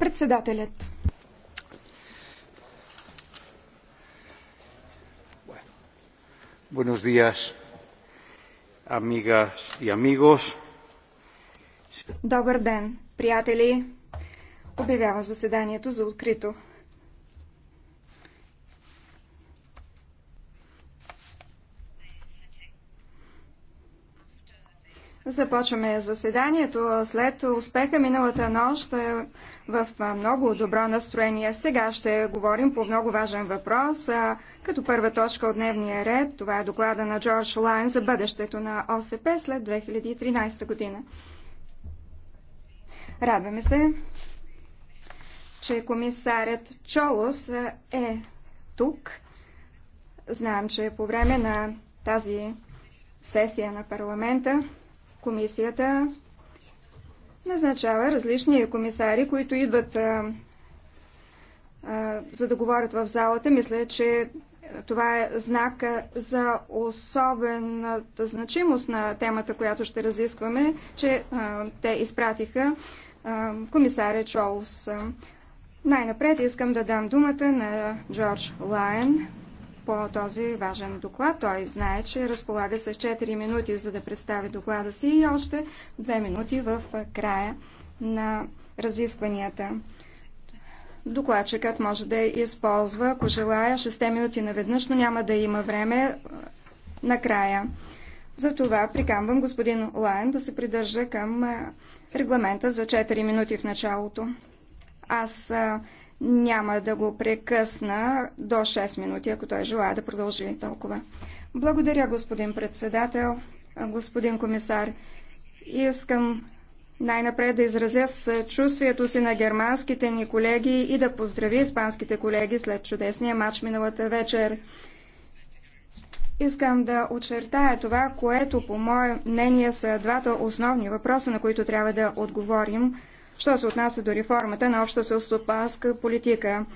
Председателят. Buenos días, amigas y amigos. Добър ден, приятели! Обявявам заседанието за открито. Започваме заседанието след успеха миналата нощ е, в много добро настроение. Сега ще говорим по много важен въпрос. Като първа точка от дневния ред, това е доклада на Джордж Лайн за бъдещето на ОСП след 2013 година. Радваме се, че комисарят Чолос е тук. Знам, че по време на тази сесия на парламента Комисията назначава различни комисари, които идват а, а, за да говорят в залата. Мисля, че това е знак за особената значимост на темата, която ще разискваме, че а, те изпратиха а, комисаря Чолс. Най-напред искам да дам думата на Джордж Лайен, по този важен доклад. Той знае, че разполага с 4 минути, за да представи доклада си и още 2 минути в края на разискванията. Докладчикът може да използва, ако желая, 6 минути наведнъж, но няма да има време е, накрая. Затова прикамвам господин Лайн да се придържа към е, регламента за 4 минути в началото. Аз е, няма да го прекъсна до 6 минути, ако той желая да продължи толкова. Благодаря, господин председател, господин комисар. Искам най-напред да изразя чувствието си на германските ни колеги и да поздрави испанските колеги след чудесния матч миналата вечер. Искам да очертая това, което по мое мнение са двата основни въпроса, на които трябва да отговорим що се отнася до реформата на обща селстопанска политика.